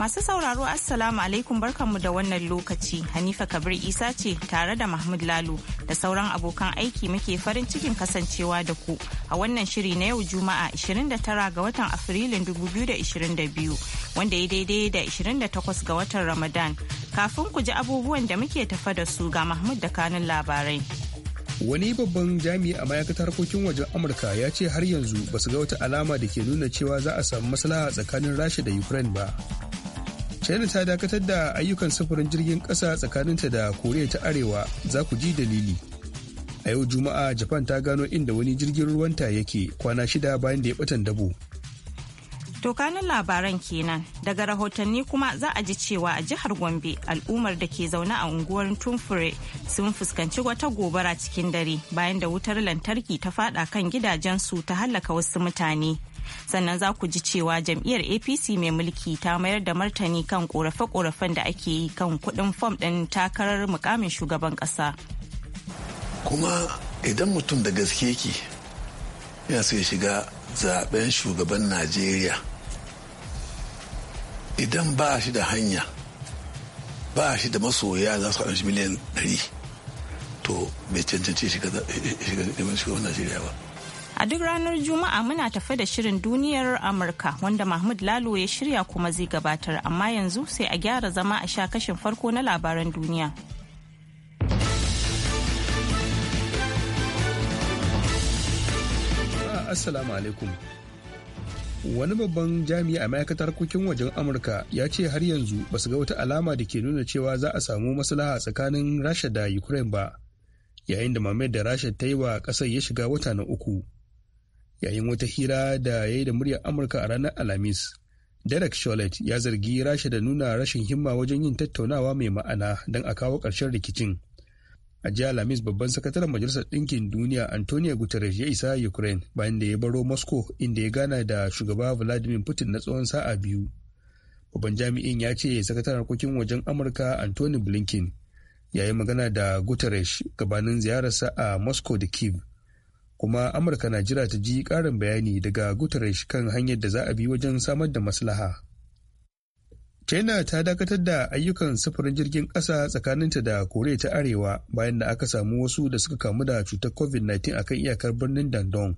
Masu sauraro Assalamu alaikum barkanmu da wannan lokaci. Hanifa Kabir Isa ce tare da Mahmud lalu da sauran abokan aiki muke farin cikin kasancewa da ku a wannan shiri na yau Juma'a 29 ga watan Afrilun 2022 wanda ya daidai da 28 ga watan Ramadan. Kafin ku ji abubuwan da muke tafa da su ga Mahmud da kanun labarai. wani babban jami'i a ma'aikatar harkokin wajen amurka ya ce har yanzu ba su ga wata alama da ke nuna cewa za a samu maslaha tsakanin rasha da ukraine ba china ta dakatar da ayyukan sufurin jirgin ƙasa tsakaninta da koriya ta arewa za ku ji dalili a yau juma'a japan ta gano inda wani jirgin ruwan ta yake kwana shida bayan da ya batan dabo tokanin labaran kenan daga rahotanni kuma za a ji cewa a jihar Gombe al'ummar da ke zaune a unguwar Tumfure sun fuskanci wata gobara cikin dare bayan da wutar lantarki ta fada kan gidajensu ta hallaka wasu mutane. sannan za ku ji cewa jam'iyyar apc mai mulki ta mayar da martani kan korafe-korafen da ake yi kan kuɗin fom ɗin takarar mukamin shugaban ƙasa kuma idan mutum da gaske yake ya so ya shiga zaben shugaban najeriya idan ba shi da hanya ba shi da masoya za su miliyan 100 to bai cancanci shiga shugaban najeriya ba A duk ranar Juma'a muna tafe da shirin duniyar Amurka wanda Mahmud Lalo ya shirya kuma zai gabatar amma yanzu sai a gyara zama a sha kashin farko na labaran duniya. Assalamu alaikum. Wani babban jami'i a ma'aikatar harkokin wajen Amurka ya ce har yanzu ba su ga wata alama da ke nuna cewa za a samu maslaha tsakanin Rasha da Ukraine ba, yayin da mamayar da Rasha ta yi wa ƙasar ya shiga wata na uku. yayin wata hira da ya yi da muryar amurka a ranar alhamis derek charlotte ya zargi rasha da nuna rashin himma wajen yin tattaunawa mai ma'ana don a kawo ƙarshen rikicin a jiya alhamis babban sakataren majalisar ɗinkin duniya antonio guterres ya isa ukraine bayan da ya baro moscow inda ya gana da shugaba vladimir putin na tsawon sa'a biyu babban jami'in ya ce sakataren harkokin wajen amurka antony blinken ya yi magana da guterres gabanin ziyararsa a moscow da kiev kuma amurka na jira ta ji karin bayani daga guterres kan hanyar da za a bi wajen samar da maslaha china ta dakatar da ayyukan sufurin jirgin ƙasa tsakaninta da kore ta arewa bayan da aka samu wasu da suka kamu da cutar covid-19 a kan iyakar birnin dandong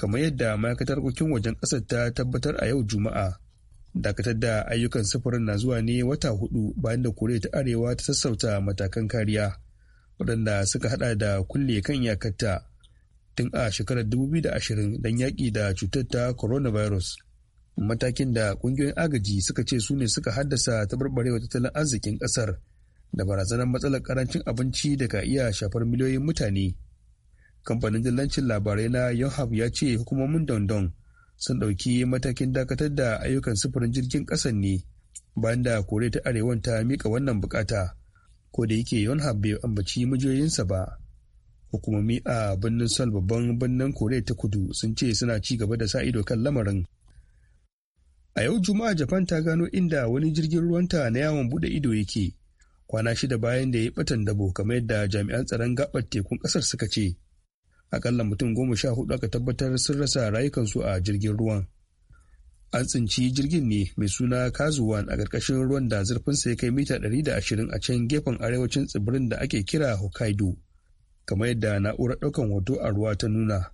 kamar yadda ma'aikatar harkokin wajen ƙasar ta tabbatar a yau juma'a dakatar da ayyukan sufurin na zuwa ne wata hudu bayan da kore ta arewa ta sassauta matakan kariya waɗanda suka hada da kulle kan iyakarta tun a shekarar 2020 don yaƙi da cutar ta coronavirus matakin da ƙungiyoyin agaji suka ce su ne suka haddasa taɓarɓarewa tattalin arzikin ƙasar da barazanar matsalar karancin abinci da ka iya shafar miliyoyin mutane kamfanin dillancin labarai na yonhap ya ce hukumomin dondon sun ɗauki matakin dakatar da ayyukan sufurin jirgin ƙasan ne bayan da kore ta arewan ta mika wannan buƙata, ko da yake yonhap bai ambaci mijiyoyinsa ba hukumomi a birnin sol babban birnin koriya ta kudu sun ce suna ci gaba da sa ido kan lamarin a yau juma'a japan ta gano inda wani jirgin ruwanta na yawon bude ido yake kwana shida bayan da ya yi batan dabo kamar yadda jami'an tsaron gabar tekun kasar suka ce akalla mutum goma sha hudu aka tabbatar sun rasa rayukansu a jirgin ruwan an tsinci jirgin ne mai suna kazuwan a ƙarƙashin ruwan da zurfinsa ya kai mita da ashirin a can gefen arewacin tsibirin da ake kira hokkaido kamar yadda na'urar ɗaukan hoto a ruwa ta nuna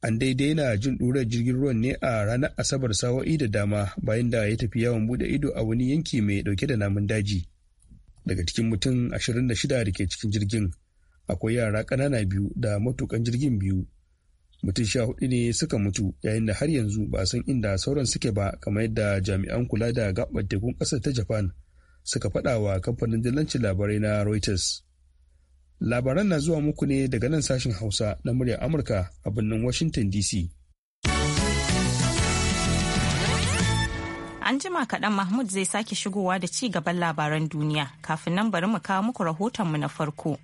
an daidai na jin ɗurar jirgin ruwan ne a ranar asabar sawa'i da dama bayan da ya tafi yawon buɗe ido a wani yanki mai ɗauke da namun daji daga cikin mutum 26 da ke cikin jirgin akwai yara ƙanana biyu da matukan jirgin biyu mutum sha hudu ne suka mutu yayin da har yanzu ba a san inda sauran suke ba kamar yadda jami'an kula da gaɓar tekun ƙasar ta japan suka faɗa wa kamfanin dillancin labarai na reuters Labaran na zuwa muku ne daga nan sashen Hausa na muryar Amurka a birnin Washington DC. An jima kaɗan Mahmud zai sake shigowa da ci gaban labaran duniya kafin nan bari mu kawo muku rahotonmu na farko.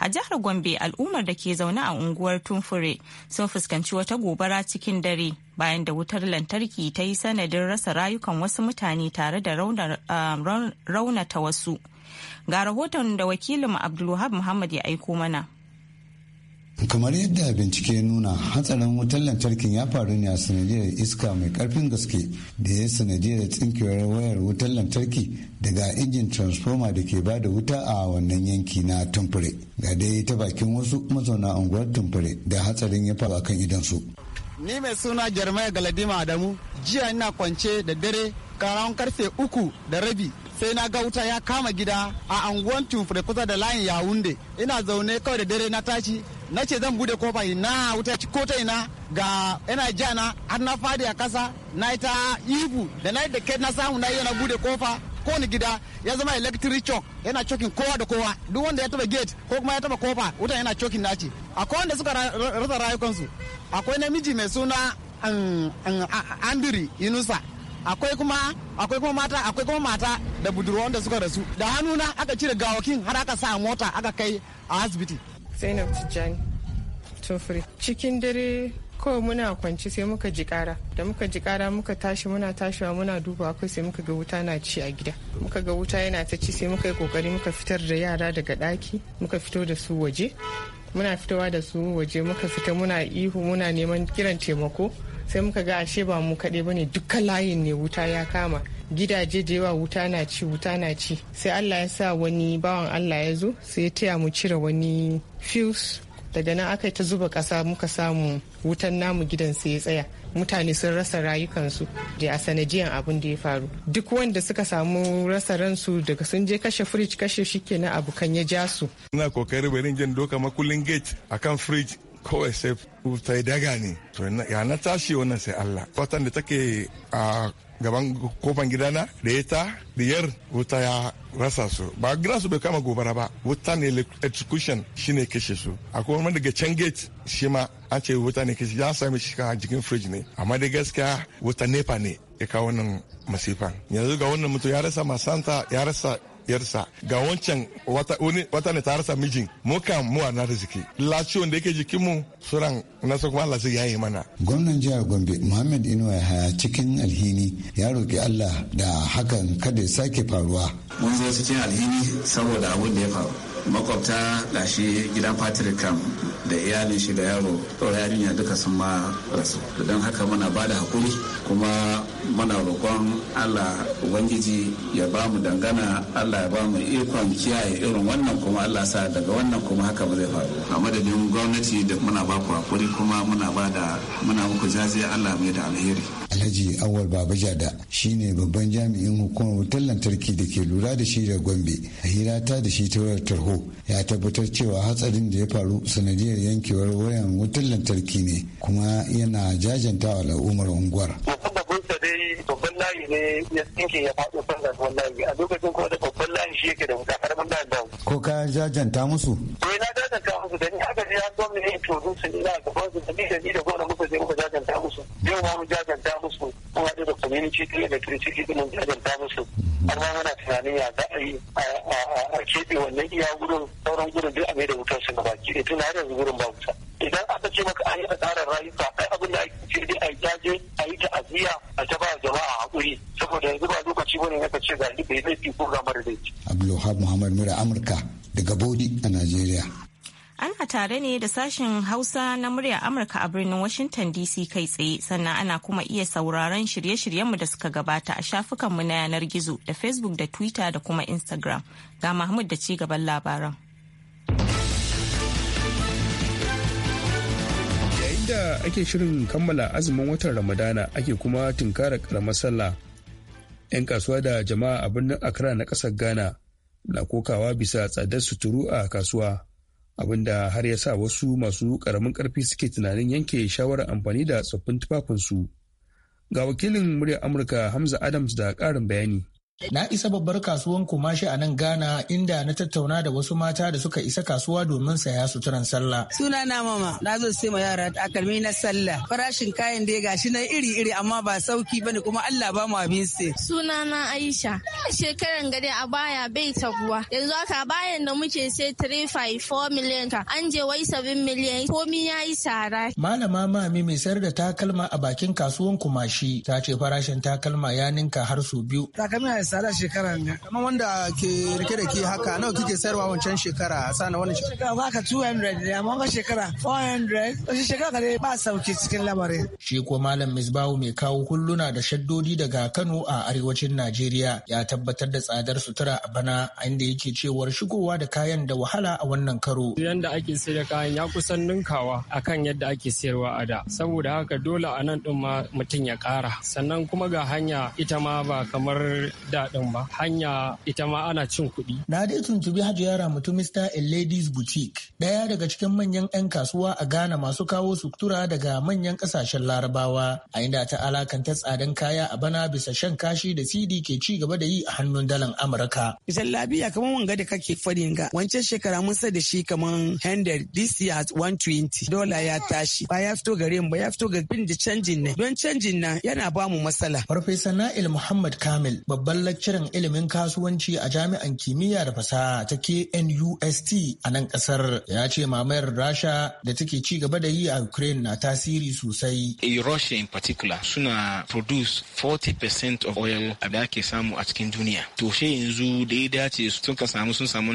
A jihar Gombe al'ummar da ke zaune a unguwar Tumfure sun fuskanci wata gobara cikin dare bayan da wutar lantarki ta yi sanadin rasa rayukan wasu mutane tare da raunata ah, wasu. Ga rahoton da wakilin Abdulwahab Muhammad ya aiko mana. kamar yadda bincike ya nuna hatsarin wutar lantarkin ya faru ne a sanadiyar iska mai karfin gaske da ya sanadiyar tsinkewar wayar wutar lantarki daga injin transformer da ke ba da wuta a wannan yanki na tumfure ga dai ta bakin wasu mazauna unguwar tumfure da hatsarin ya faru akan idansu ni mai suna jarmaya galadima adamu jiya ina kwance da dare karawan karfe uku da rabi sai na ga wuta ya kama gida a anguwan tumfure kusa da layin yawunde ina zaune kawai da dare na tashi na ce zan bude kofa ina wuta ci ko ta ina ga ina jana har na fadi a kasa na ta ibu da na da na samu na yi na bude kofa kowane gida ya zama electric shock yana chokin kowa da kowa duk wanda ya taba gate ko kuma ya taba kofa wuta yana chokin naci akwai wanda suka rasa rayukansu akwai namiji mai suna um, um, andiri inusa akwai kuma akwai kuma mata akwai kuma mata da budurwa wanda suka rasu da hannuna aka cire gawakin har aka sa mota aka kai a asibiti zainab tijjani tofri cikin dare ko muna kwanci sai muka ji kara da muka ji kara muka tashi muna tashiwa muna duba akwai sai muka ga wuta na ci a gida muka ga wuta yana ta ci sai muka yi kokari muka fitar da yara daga daki muka fito da su waje muna fitowa da su waje muka fita muna ihu muna neman kiran taimako sai muka ga ashe ba mu kaɗai bane dukkan layin ne wuta ya kama gidaje da yawa wuta na ci wuta na ci sai allah ya sa wani bawan allah ya zo sai ya taya mu cire wani fuse daga nan aka ta zuba ƙasa muka samu wutan namu gidan sai ya tsaya mutane sun rasa rayukansu da a sanadiyan abin da ya faru duk wanda suka samu rasa ransu daga sun je kashe fridge kashe shi kenan abu kan ya ja su ina kokarin barin jan doka makullin gate akan fridge kawai sai ta yi daga ne to ya na tashi wannan sai Allah kwatan da take a gaban kofan gidana da ya ta diyar wuta ya rasa su ba su bai kama gobara ba wuta ne electrocution ne kashe su akwai wani daga can gate shi ma an ce wuta ne kashe ya sami shi a jikin fridge ne amma dai gaskiya wuta nepa ne ya kawo wannan masifan yanzu ga wannan mutum ya rasa masanta ya rasa yarsa ga wancan wata ne ta rasa mijin mu kan mu na riziki laciyon da yake jikin mu suran nasu kuma Allah zai yaye mana gwamnan jihar Gombe Muhammad Inuwa ya haya cikin alhini ya roki Allah da hakan kada ya sake faruwa mun zo cikin alhini saboda abin da ya faru makwabta gashi gidan patrick kam da iyalin shi da yaro ɗora yarinya duka sun ma rasu don haka muna ba da hakuri kuma muna roƙon allah ubangiji ya ba mu dangana allah ya ba mu ikon kiyaye irin wannan kuma allah sa daga wannan kuma haka ba zai faru a madadin gwamnati da muna ba ku hakuri kuma muna ba da muna muku jaziya allah mai da alheri alhaji awal jada shine babban jami'in hukumar wutar lantarki da ke lura da shi da gombe a hira ta da shi ta tarho ya tabbatar cewa hatsarin da ya faru sanadiyar yankewar wayan wutar lantarki ne kuma yana jajanta wa al'ummar unguwar. babban a lokacin kuma da babban layi shi yake da wuta da ko ka jajanta musu Ko eh, na jajanta musu da ni aka ya ne ina gaban su da ni da ni da musu zai muka jajanta musu yau ma mu jajanta musu kuma haɗu da community da electricity din mun jajanta musu har ma muna tunanin ya za a yi a keɓe wannan iya gurin sauran gurin duk a mai da wutar shi gaba ki tun har yanzu gurin ba wuta idan aka ce maka an yi tsarin rayuka kai abin da ake ce dai a jaje a yi ta aziya a ta ba jama'a hakuri saboda yanzu ba lokaci bane na ka ce ga ni bai laifi ko gamar mara laifi. Abdulwahab Muhammad Mura Amurka daga Bodi a Najeriya. Ana tare ne da sashen Hausa na muryar Amurka a birnin Washington DC kai tsaye sannan ana kuma iya sauraron shirye-shiryenmu da suka gabata a shafukanmu na yanar gizo da Facebook da Twitter da kuma Instagram. Ga Mahmud da ci gaban labaran. Yayin da ake shirin kammala azumin watan Ramadana ake kuma tunkara karamar sallah. 'Yan kasuwa da jama'a a birnin Accra na ƙasar Ghana na kokawa bisa tsadar suturu a kasuwa abinda har ya sa wasu masu karamin karfi suke tunanin yanke shawarar amfani da tsoffin tufafinsu ga wakilin muryar amurka hamza adams da karin bayani Na isa babbar kasuwan kumashi a nan Ghana inda na tattauna da wasu mata da suka isa kasuwa domin saya suturan sallah. Suna na mama, na zo sai ma yara kalmi na sallah. Farashin kayan da ya gashi na iri-iri amma ba sauki bane kuma Allah ba mu abin sai. Suna na Aisha, shekaran gade a baya bai taguwa. Yanzu haka bayan da muke sai 354 miliyan ka an je wai 7 miliyan komi ya yi tsara. Malama mami mai sayar da takalma a bakin kasuwan kumashi ta ce farashin takalma ya ninka har su biyu. tsada shekara ne. Kamar wanda ke rike da ke haka nawa kike sayarwa wancan shekara sana wani shekara. Ba ka 200 ne amma wannan shekara 400 shekara ka ba sauki cikin lamarin. Shi ko Malam Misbahu mai kawo kulluna da shaddodi daga Kano a arewacin Najeriya ya tabbatar da tsadar sutura a bana inda yake cewar shigowa da kayan da wahala a wannan karo. Yanda ake sayar da kayan ya kusan ninkawa akan yadda ake sayarwa a da. Saboda haka dole a nan din ma mutum ya kara Sannan kuma ga hanya ita ma ba kamar da mita ba hanya ita ma ana cin kuɗi. Na dai tuntubi hajiya mutum Mr. and Ladies Boutique ɗaya daga cikin manyan 'yan kasuwa a Ghana masu kawo sutura daga manyan ƙasashen Larabawa a inda ta alakanta tsadan kaya a bana bisa shan kashi da CD ke ci gaba da yi a hannun dalan Amurka. labiya kamar wanga da kake farin ga wancan shekara mun sa da shi kamar 100 this year at 120 dola ya tashi ba ya fito gare mu ba ya fito ga bin da canjin ne. don canjin nan yana ba mu matsala. Farfesa Na'il Muhammad Kamil babban lecturer ilimin kasuwanci a jami'an kimiyya da fasaha ta KNUST a nan kasar ya ce mamayar Rasha da take ci gaba da yi a Ukraine na tasiri sosai. A eh, Russia in particular suna produce 40% of oil da ake samu a cikin duniya. To she yanzu da ya dace sun ka samu sun samu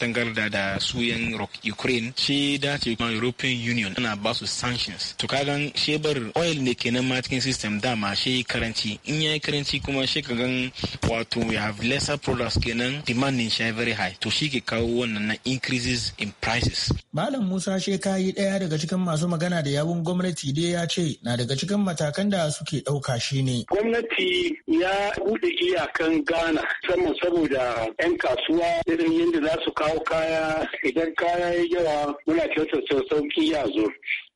tangarda da suyan Ukraine she dace kuma European Union ana ba su sanctions. To kagan shebar oil ne kenan ma cikin system dama she karanci in yayi karanci kuma she kagan wato we have lesser products kenan demand din shi very high to shi ke kawo wannan na increases in prices malam musa shekayi ɗaya daga cikin masu magana da yawun gwamnati dai ya ce na daga cikin matakan da suke dauka ne gwamnati ya buɗe iyakan ghana musamman saboda 'yan kasuwa irin yadda za su kawo kaya idan kaya ya yawa muna kyautar sauki ya zo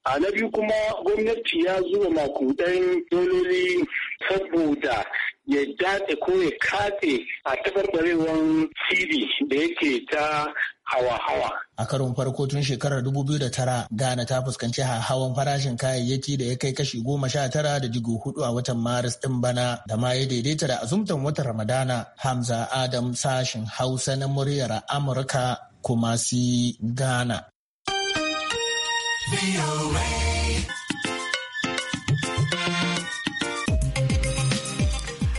a na biyu kuma gwamnati ya zuba makudan dololi saboda ya datse ko ya katse a tabarbarewan cidi da yake ta hawa-hawa. A karon farko tun shekarar 2009 Ghana ta fuskanci hawan farashin kayayyaki da ya kai kashi goma sha tara da digo hudu a watan Maris ɗin bana da ma ya daidaita da azumtan watan Ramadana Hamza Adam sashin Hausa na muryar Amurka Kumasi si Ghana.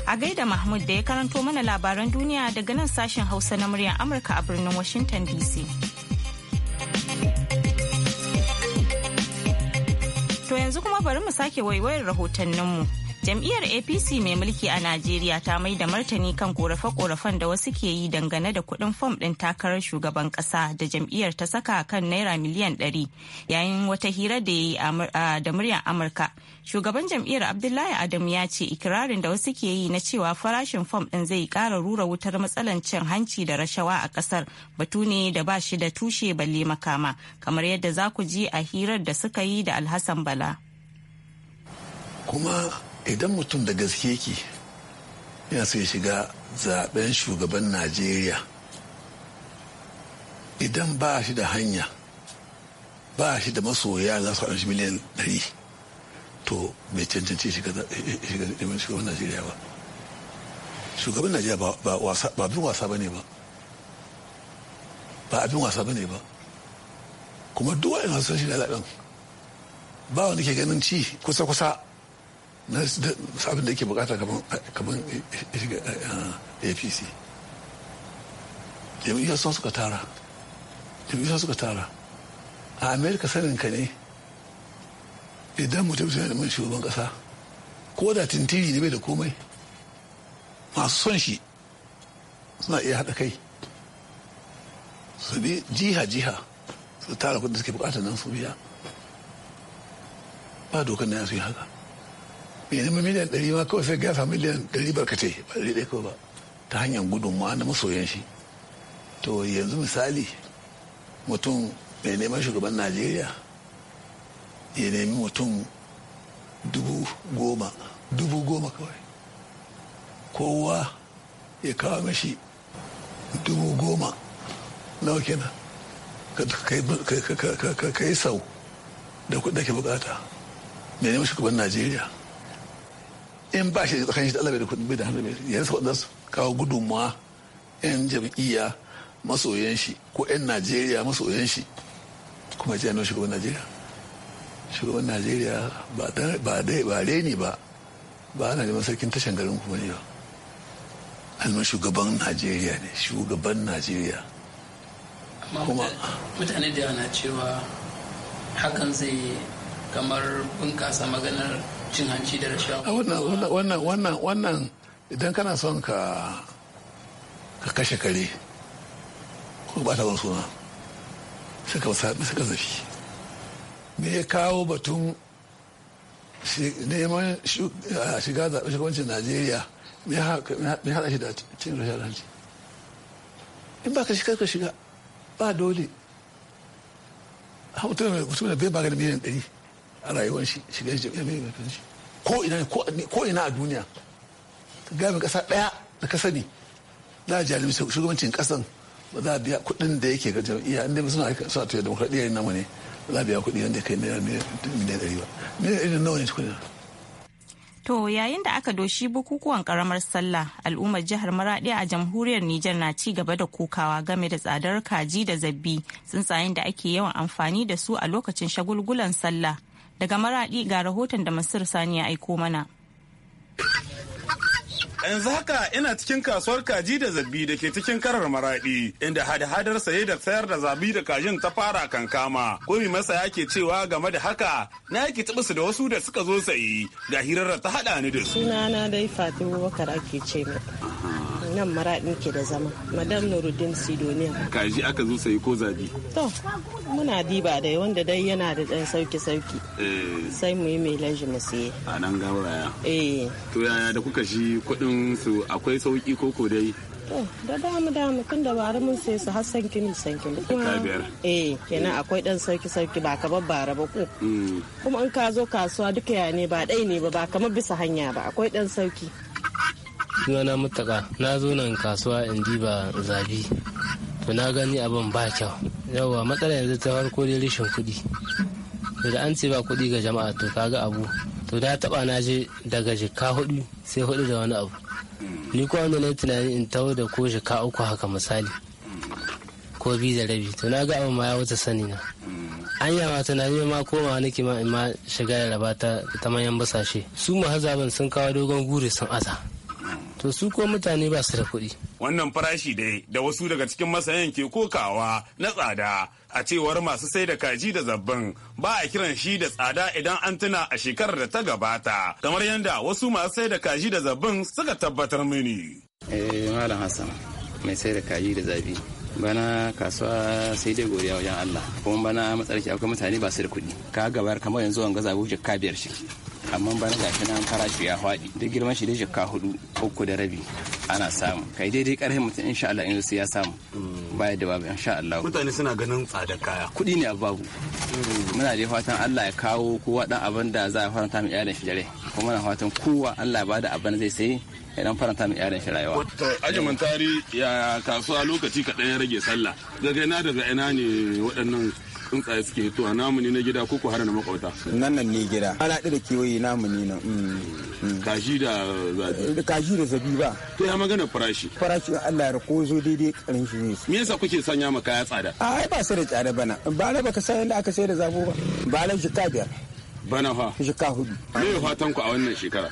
A gaida Mahmud da ya karanto mana labaran duniya daga nan sashen Hausa na muryar Amurka a birnin Washington DC. To yanzu kuma bari mu sake waiwayar rahotanninmu. jam'iyyar apc mai mulki a najeriya ta mai da martani kan korafe-korafen da wasu ke yi dangane da kuɗin fom ɗin takarar shugaban ƙasa da jam'iyyar ta saka kan naira miliyan ɗari yayin wata hira da yi da muryar amurka shugaban jam'iyyar abdullahi Adamu ya ce ikirarin da wasu ke yi na cewa farashin fom ɗin zai ƙara rura wutar matsalan cin hanci da rashawa a ƙasar batu ne da ba shi da tushe balle makama kamar yadda za ku ji a hirar da suka yi da alhassan bala kuma idan mutum da gaske ke ya sai shiga zaben shugaban najeriya idan ba shi da hanya ba shi da masoya za su haɗa shi miliyan 100 to bai cancanci shiga shugaban najeriya ba shugaban najeriya ba abin wasa ba ne ba ba abin wasa ba ne ba kuma duwa yana sun shi da ba wani ke ganin ci kusa-kusa na abin da ke bukata kamar eh, eh, shiga eh, apc jam'iyyar sun suka tara jam'iyyar suka tara a amerika ka ne idan mutum suna neman shugaban kasa ko da tintiri ne bai da komai masu son shi suna iya haɗa kai su bi jiha-jiha su tara kudin suke bukata nan su biya ba dokan na ya yi haka bai zama miliyan ɗari ma kawai sai gasa miliyan ɗari barkatai ba ɗari ɗaya kawai ba ta hanyar gudunmawa na masoyan shi to yanzu misali mutum mai neman shugaban najeriya ya nemi mutum dubu goma dubu goma kawai kowa ya kawo mashi dubu goma nawa na ka yi sau da kuɗa ke bukata mai neman shugaban najeriya in ba shi tsakanin shi da alabar da kudin bai da hannu bai yanzu wadda su kawo gudunmawa yan jam'iyya masoyan shi ko yan najeriya masoyan shi kuma ya ce shugaban najeriya shugaban najeriya ba dai ba reni ba ba ana neman sarkin tashan garin kuma ne ba alman shugaban najeriya ne shugaban najeriya kuma mutane da yana cewa hakan zai kamar bunkasa maganar cin hanci da rashawa wannan wannan wannan wannan idan kana son ka ka kashe kare ko ba ta wani suna suka suka zafi me ya kawo batun neman shiga zaɓe shugabancin najeriya me haɗa shi da cin rashin hanci in ba ka shiga ka shiga ba dole mutum da bai ba ga miliyan ɗari a rayuwar shi shiga shi jami'a mai ko ina ko ina a duniya ka gami kasa daya da ka sani za a jalibi shugabancin kasan ba za a biya kuɗin da yake ga jam'iyya inda suna aika a tuya demokradiyya yin namu ne ba za a biya kudi yadda kai naira miliyan ɗari ba miliyan ɗari nawa ne To yayin da aka doshi bukukuwan karamar sallah al'ummar jihar Maradi a jamhuriyar Nijar na ci gaba da kokawa game da tsadar kaji da zabbi tsuntsayen da ake yawan amfani da su a lokacin shagulgulan sallah Daga maraɗi ga rahoton da Masir Sani ya aiko mana. yanzu haka ina cikin kasuwar kaji da zabi da ke cikin karar maradi inda hada-hadar saye da sayar da zabi da kajin ta fara kankama komi masaya ke cewa game da haka na yake su da wasu da suka zo sayi ga hirar ta hada ni da su sunana dai fatima bakar ake ce mai nan maraɗin ke da zama madam nuruddin sidoniya kaji aka zo sai ko zabi to muna diba da wanda dai yana da dan sauki sauki eh. sai mu yi mai laji mu siye a nan gauraya eh to yaya da kuka shi kudin su akwai sauki koko dai To, da damu damu tun da bara mun sai su har sankini sankini. Ka biyar. Eh, kenan akwai dan sauki sauki ba ka babbara ba ko. Hmm. Kuma in ka zo kasuwa duka ya ne ba dai ne ba ba kamar bisa hanya ba akwai dan sauki. na mutaka na zo nan kasuwa in diba zabi to na gani abin ba kyau yawa matsala yanzu ta farko dai rashin kuɗi to da an ce ba kuɗi ga jama'a to kaga abu to na taba na je daga jika hudu sai hudu da wani abu ni ko wanda na tunani in tawo da ko jika uku haka misali ko bi da rabi to na ga abin ma ya wuce sani na an yi ma tunani ma koma wani ma in ma shiga da raba ta manyan basashe su mu sun kawo dogon guri sun aza to su ko mutane ba su da kuɗi. Wannan farashi dai da wasu daga cikin masayan ke kokawa na tsada a cewar masu sai da kaji da zabbin ba a kiran shi da tsada idan an tuna a shekarar da ta gabata kamar yadda wasu masu sai da kaji da zabbin suka tabbatar mini. Eh Malam Hassan mai sai da kaji da zabi bana kasuwa sai dai godiya wajen Allah kuma bana matsarki akwai mutane ba su da kuɗi ka gabar kamar yanzu ga zabu jikka biyar shi amma bana gashi nan farashi ya faɗi duk girman shi da shekka hudu uku da rabi ana samu kai daidai karfin mutum insha Allah in sai ya samu baya da babu insha Allah mutane suna ganin tsada kaya kuɗi ne babu muna da fatan Allah ya kawo kowa dan abin da za a faranta mu iyalin shi dare kuma muna fatan kowa Allah ya bada abin zai sai idan faranta mu iyalin shi rayuwa ajimin tari ya kasuwa lokaci kaɗan ya rage sallah daga ina daga ina ne waɗannan tsuntsaye suke hitowa namu ne na gida ko ku har na makauta nan nan ne gida ana da kewaye namu ne nan mm, mm. kashi da zabi kashi da zabi ba to ya magana farashi farashi Allah ya ko zo daidai karin shi ne me yasa kuke sanya maka ya tsada ai ba sai da tsada bana ba la baka san yanda aka sai da zabo ba ba la jika biyar bana fa jika hudu me fatan ku a wannan shekara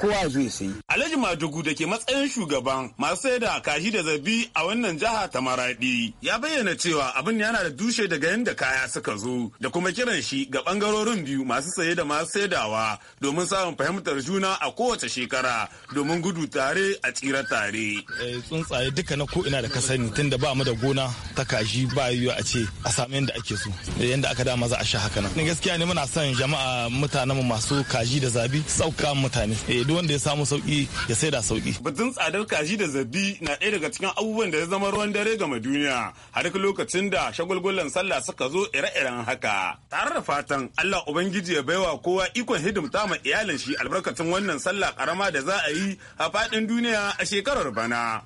kowa zo ya sayi. Alhaji Madugu da ke matsayin shugaban masu sai da kashi da zabi a wannan jiha ta Maradi ya bayyana cewa abin yana da dushe daga yadda kaya suka zo da kuma kiran shi ga bangarorin biyu masu saye da masu saidawa domin samun fahimtar juna a kowace shekara domin gudu tare a tsira tare. Eh, tsuntsaye duka na ko'ina da ka sani da ba mu da gona ta kashi ba yiwuwa a ce a sami yadda ake so eh, yadda aka dama za a sha haka nan. Gaskiya ne muna son jama'a mutanenmu masu kaji da zabi sauka mutane mutane eh duk wanda ya samu sauki ya saida sauki batun tsadar kaji da zabi na ɗaya daga cikin abubuwan da ya zama ruwan dare game duniya har lokacin da shagulgulan sallah suka zo ire-iren haka tare da fatan Allah ubangiji ya baiwa kowa ikon hidimta ma iyalin shi albarkacin wannan sallah karama da za a yi a faɗin duniya a shekarar bana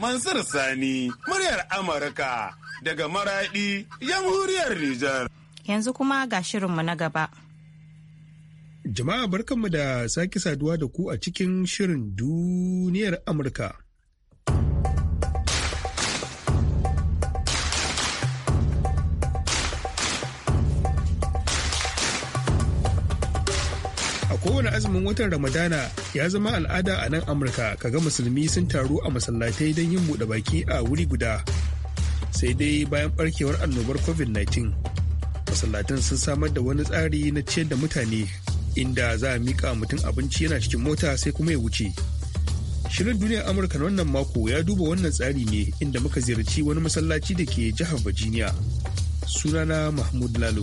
Mansur Sani, muryar Amurka daga Maradi, Jamhuriyar Nijar. Yanzu kuma ga shirinmu na gaba. Jama'a barkanmu da sake saduwa da ku a cikin shirin duniyar Amurka. A kowane azumin watan Ramadana ya zama al'ada a nan Amurka kaga musulmi sun taru a masallatai don yin buɗe baki a wuri guda. Sai dai bayan barkewar annobar COVID-19, masallatan sun samar da wani tsari na ciyar da mutane inda za a mika mutum abinci yana cikin mota sai kuma ya wuce shirin duniyar amurka na wannan mako ya duba wannan tsari ne inda muka ziyarci wani masallaci da ke jihar virginia sunana mahmud lalo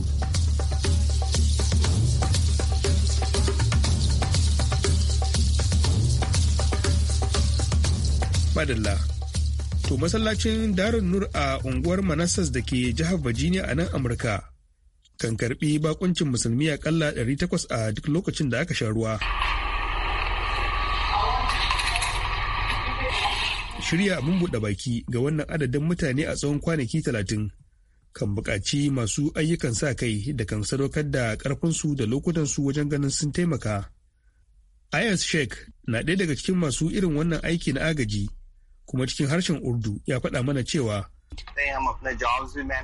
madalla to masallacin darin nur a unguwar manassas da ke jihar virginia a nan amurka kan karbi bakuncin musulmi akalla 800 a duk lokacin da aka sha ruwa. Shirya abin buɗe baki ga wannan adadin mutane a tsawon kwanaki talatin kan buƙaci masu ayyukan sa kai da kan sadaukar da ƙarfinsu da lokutansu wajen ganin sun taimaka. Ayas Sheikh na ɗaya daga cikin masu irin wannan aiki na agaji kuma cikin harshen Urdu ya faɗa mana cewa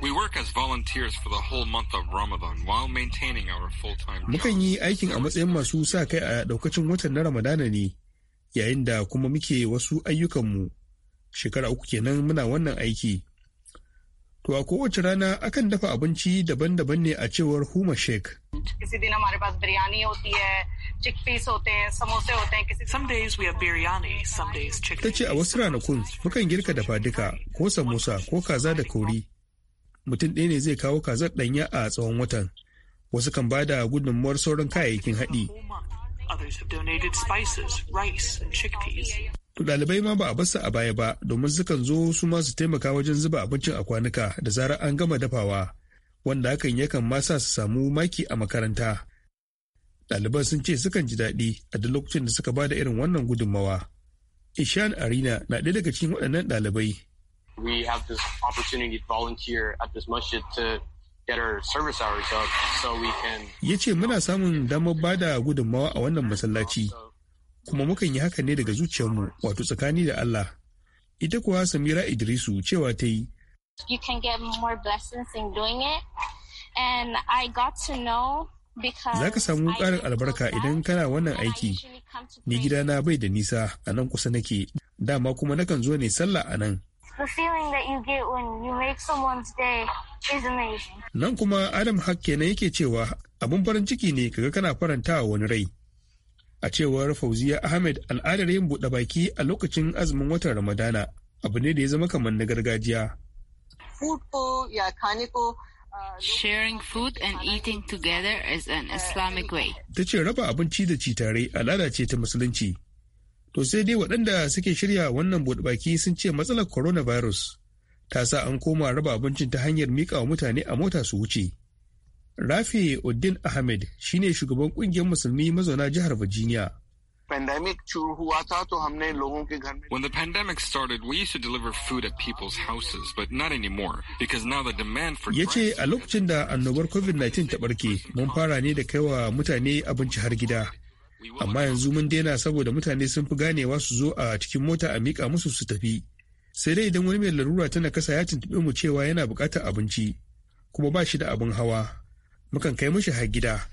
We work as volunteers for the whole month of Ramadan while maintaining our full Mukan yi aikin a matsayin masu sa kai a daukacin watan na Ramadana ne, yayin da kuma muke wasu ayyukanmu. Shekara uku kenan muna wannan aiki. To a kowace rana akan dafa abinci daban-daban ne a cewar Huma Sheikh. किसी दिन हमारे पास some days we have biryani some days tace a wasu ranakun mukan girka dafa duka ko samosa ko kaza da kori mutum ɗaya ne zai kawo kazar ɗanya a tsawon watan wasu kan ba da gudunmuwar sauran kayayyakin haɗi To ɗalibai ma ba a basu a baya ba domin sukan zo su ma su taimaka wajen zuba abincin a kwanuka da zarar an gama dafawa wanda hakan yakan ma sa su samu maki a makaranta ɗaliban sun ce sukan ji daɗi a duk lokacin da suka bada da irin wannan gudunmawa ishan arina na ɗaya daga cikin waɗannan ɗalibai we have this opportunity to volunteer at ya ce muna samun damar ba da gudunmawa a wannan masallaci kuma mukan yi haka ne daga zuciyarmu wato tsakani da Allah ita kuwa Samira Idrisu cewa ta yi you can get more blessings in doing it. And I got to know Za ka samu ƙarin albarka idan kana wannan aiki. Ni gidana bai da nisa a nan kusa nake, dama kuma nakan zo ne sallah a nan. Nan kuma Adam Hakke ne yake cewa abun farin ciki ne kaga kana farantawa wani rai. A cewar Fauziya Ahmed al'adar yin buɗe baki a lokacin azumin watan Ramadana abu ne da ya zama kamar na gargajiya. Food uh, Sharing food and eating together uh, is an uh, Islamic way. Ta ce raba abinci da ci tare al'ada ce ta musulunci. To sai dai waɗanda suke shirya wannan baki sun ce matsalar corona virus? ta sa an koma raba abincin ta hanyar miƙa wa mutane a mota su wuce. Rafi Uddin Ahmed shine shugaban ƙungiyar musulmi mazauna jihar Virginia. When the pandemic started, we used to deliver food at people's houses, but not anymore because now the demand for Yace a lokacin da annobar COVID-19 ta barke, mun fara ne da kaiwa mutane abinci har gida. Amma yanzu mun daina saboda mutane sun fi ganewa su zo a cikin mota a miƙa musu su tafi. Sai dai idan wani mai larura tana kasa ya tuntuɓe mu cewa yana buƙatar abinci, kuma ba shi da abin hawa. Mukan kai mashi har gida.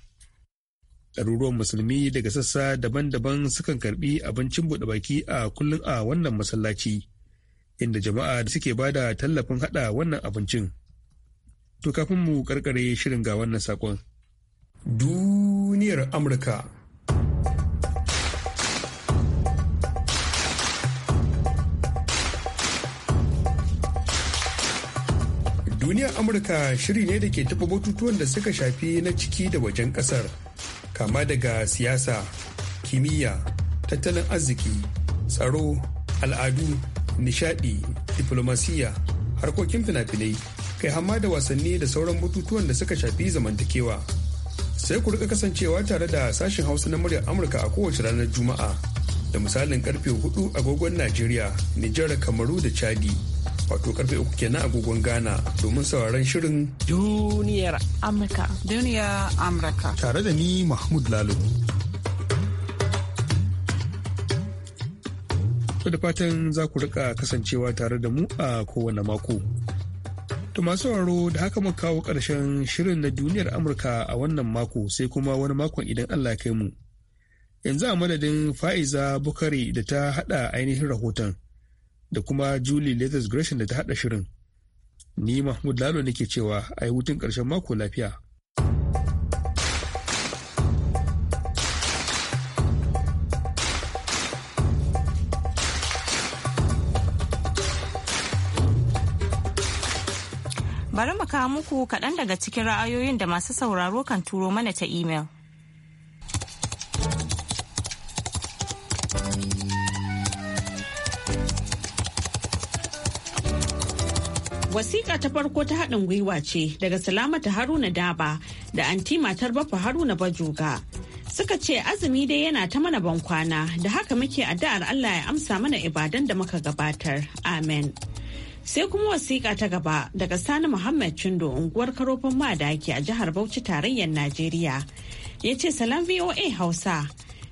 ɗaruruwan musulmi daga sassa daban-daban sukan karbi abincin buɗe baki a kullum a wannan masallaci inda jama'a da suke ba da tallafin haɗa wannan abincin to kafin mu karkare shirin ga wannan sakon duniyar amurka duniyar amurka shiri ne da ke taɓa batutuwan da suka shafi na ciki da wajen ƙasar kama daga siyasa kimiyya tattalin arziki tsaro al'adu nishadi diplomasiya harkokin fina-finai kai hama da wasanni da sauran bututuwan da suka shafi zamantakewa sai ku rika kasancewa tare da sashen hausa na muryar amurka a kowace ranar juma'a da misalin karfe 4 agogon najeriya nijar kamaru da chadi wato karfe uku kenan agogon Ghana domin sauraron shirin duniyar Amurka. duniya Amurka. Tare da ni Mahmud Lalo. To da fatan za ku rika kasancewa tare da mu a kowane mako. To masu sauraro da haka mun kawo ƙarshen shirin na duniyar Amurka a wannan mako sai kuma wani makon idan Allah kai mu. Yanzu a madadin Fa'iza Bukari da ta hada ainihin rahoton. da kuma Julie Leathers Gresham da ta haɗa shirin. Ni Mahmud Lalo nake cewa a yi hutun ƙarshen mako lafiya. Bari mu kawo muku kaɗan daga cikin ra'ayoyin da masu sauraro kan turo mana ta imel. Wasiƙa ta farko ta haɗin gwiwa ce daga Salamata Haruna Daba da anti matar Baffa Haruna Bajoga. Suka ce azumi dai yana ta mana bankwana da haka muke addu'ar Allah ya amsa mana ibadan da muka gabatar. Amen. Sai kuma wasiƙa ta gaba daga Sani Muhammad Chindo unguwar Karofin Madaki a jihar Bauchi tarayyar Najeriya. Ya ce salam VOA Hausa.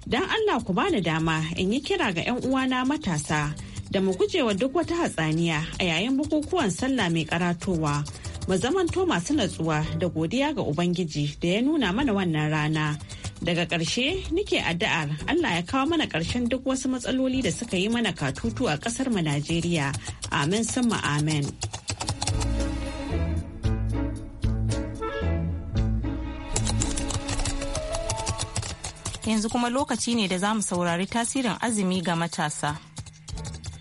Don Allah ku bani dama in yi kira ga 'yan uwana matasa. da mu gujewa duk wata hatsaniya a yayin bukukuwan sallah mai karatowa mu zamanto masu natsuwa da godiya ga ubangiji da ya nuna mana wannan rana daga ƙarshe nike addu'ar allah ya kawo mana ƙarshen duk wasu matsaloli da suka yi mana katutu a ƙasar mu najeriya amin summa amen yanzu kuma lokaci ne da za mu saurari tasirin azumi ga matasa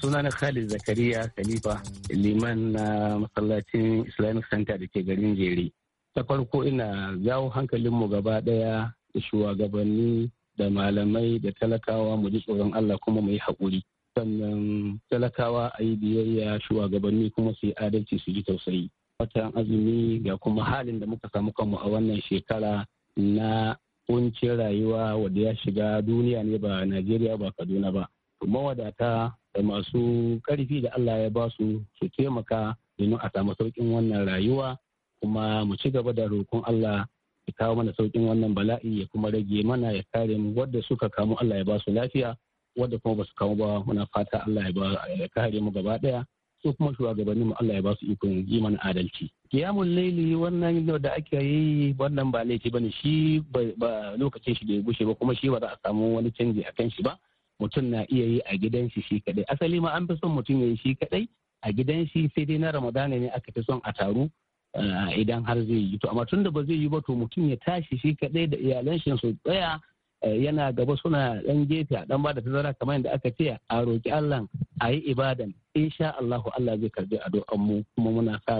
sunana Khalid Zakariya Khalifa liman na masallacin Islamic Center da ke garin Jere. Ta farko ina jawo hankalinmu gaba ɗaya da shugabanni da malamai da talakawa mu ji tsoron Allah kuma mu yi haƙuri. Sannan talakawa a yi biyayya shugabanni kuma su yi adalci su ji tausayi. Watan azumi ga kuma halin da muka samu kanmu a wannan shekara na kuncin rayuwa wadda ya shiga duniya ne ba Najeriya ba Kaduna ba. mawadata da masu karfi da Allah ya ba su su taimaka domin a samu sauƙin wannan rayuwa kuma mu ci gaba da roƙon Allah ya kawo mana sauƙin wannan bala'i ya kuma rage mana ya kare mu wadda suka kamu Allah ya ba su lafiya wadda kuma ba su kamu ba muna fata Allah ya kare mu gaba ɗaya su kuma shugabanninmu Allah ya ba su ikon yi mana adalci. Kiyamun laili wannan da ake yi wannan ba laifi ne shi ba lokacin shi da ya gushe ba kuma shi ba za a samu wani canji a kan shi ba. mutum na iya yi a gidan shi shi kadai asali ma an fi son mutum ya yi shi kadai a gidan shi sai dai na ramadana ne aka fi son a taru eh, idan har zai yi to amma tun da ba zai yi ba to mutum ya tashi shi kadai da iyalan shi su tsaya eh, yana gaba suna dan gefe a dan bada tazara kamar yadda aka ce a roki Allah a yi ibadan insha Allahu Allah zai karbi addu'an mu kuma muna sa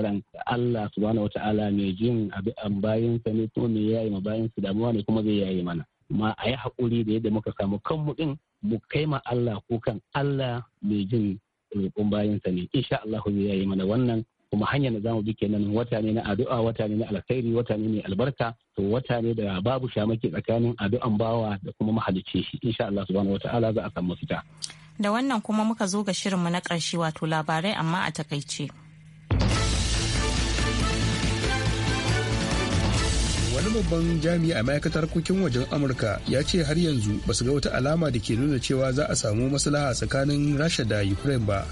Allah subhanahu wataala mai jin abin bayin sa ne kuma mai yayi ma bayin su damuwa ne kuma zai yayi mana ma a yi haƙuri da yadda muka samu kanmu ɗin mu kai ma Allah kan Allah mai jin roƙon bayansa ne insha Allah zai yi mana wannan kuma hanyar da zamu bi kenan wata ne na addu'a wata ne na alkhairi wata ne mai albarka to wata ne da babu sha shamaki tsakanin addu'an bawa da kuma mahalicce shi insha Allah subhanahu wataala za a samu fita da wannan kuma muka zo ga shirinmu na ƙarshe wato labarai amma a takaice. wani babban jami'i a ma'aikatar harkokin wajen amurka ya ce har yanzu ba su ga wata alama da ke nuna cewa za a samu maslaha tsakanin rasha da ukraine ba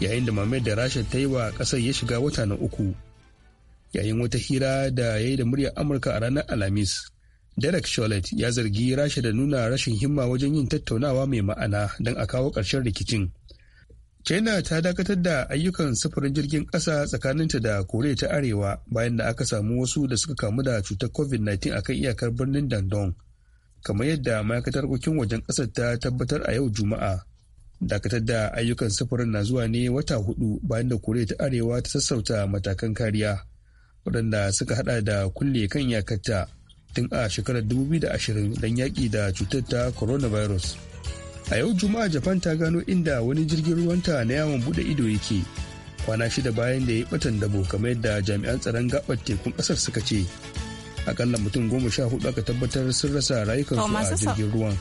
yayin da mamayar da rasha ta yi wa kasar ya shiga wata na uku yayin wata hira da ya yi da muryar amurka a ranar alhamis derek charlotte ya zargi rasha da nuna rashin himma wajen yin tattaunawa mai ma'ana don a kawo ƙarshen rikicin china ta dakatar da ayyukan sufurin jirgin ƙasa tsakaninta da koriya ta arewa bayan da aka samu wasu da suka kamu da cutar covid-19 a kan iyakar birnin dandong kamar yadda ma'aikatar harkokin wajen ƙasar ta tabbatar a yau juma'a dakatar da ayyukan sufurin na zuwa ne wata hudu bayan da koriya ta arewa ta sassauta matakan kariya waɗanda suka hada da kulle kan iyakarta tun a shekarar 2020 don yaƙi da cutar ta coronavirus. a yau juma'a japan ta gano inda wani jirgin ruwanta na yawon bude ido yake kwana shida bayan da ya yi batan dabo kamar yadda jami'an tsaron gabar tekun kasar suka ce akalla mutum goma sha hudu aka tabbatar sun rasa rayukansu a jirgin ruwan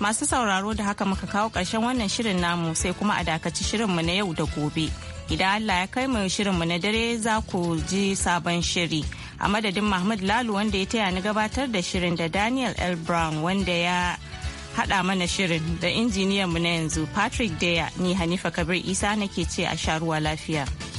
masu sauraro da haka muka kawo ƙarshen wannan shirin namu sai kuma a dakaci shirinmu na yau da gobe idan allah ya kai mu shirin mu na dare za ku ji sabon shiri a madadin mahmud lalu wanda ya taya ni gabatar da shirin da daniel l brown wanda ya haɗa mana shirin da injiniyanmu na yanzu Patrick Daya ni Hanifa Kabir Isa nake ce a sharuwa ruwa lafiya.